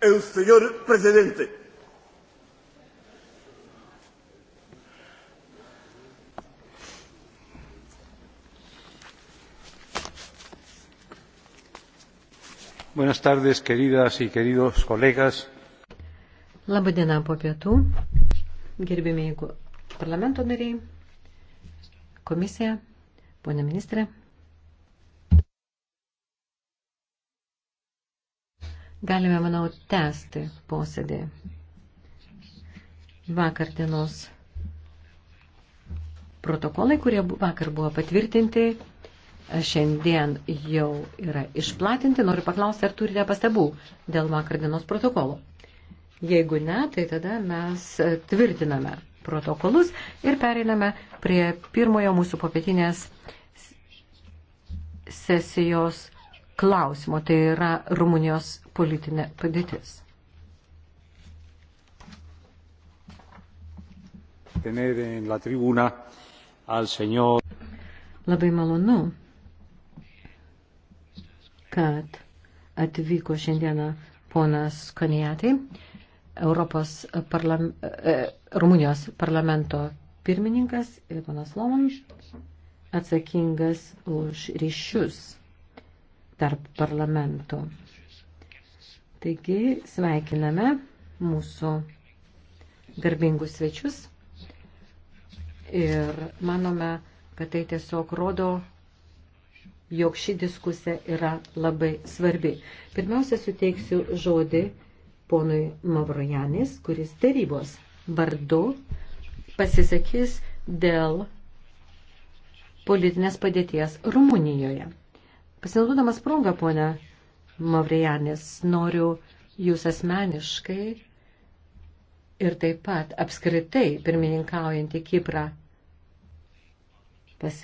el señor presidente. Buenas tardes, queridas y queridos colegas. Labadiena po pietų, gerbėmiai parlamento nariai, komisija, ponė ministrė. Galime, manau, tęsti posėdį. Vakar dienos protokolai, kurie vakar buvo patvirtinti, šiandien jau yra išplatinti. Noriu paklausti, ar turite pastabų dėl vakar dienos protokolų. Jeigu ne, tai tada mes tvirtiname protokolus ir pereiname prie pirmojo mūsų popietinės sesijos klausimo, tai yra Rumunijos politinė padėtis. Labai malonu, kad atvyko šiandieną ponas Konijatai, Europos parlam, eh, Rumunijos parlamento pirmininkas ir ponas Lomon atsakingas už ryšius tarp parlamentų. Taigi sveikiname mūsų garbingus svečius ir manome, kad tai tiesiog rodo, jog ši diskusija yra labai svarbi. Pirmiausia, suteiksiu žodį ponui Mavrojanis, kuris tarybos vardu pasisakys dėl politinės padėties Rumunijoje. Pasinaudodamas progą, ponia Mavrijanis, noriu jūs asmeniškai ir taip pat apskritai pirmininkaujantį Kiprą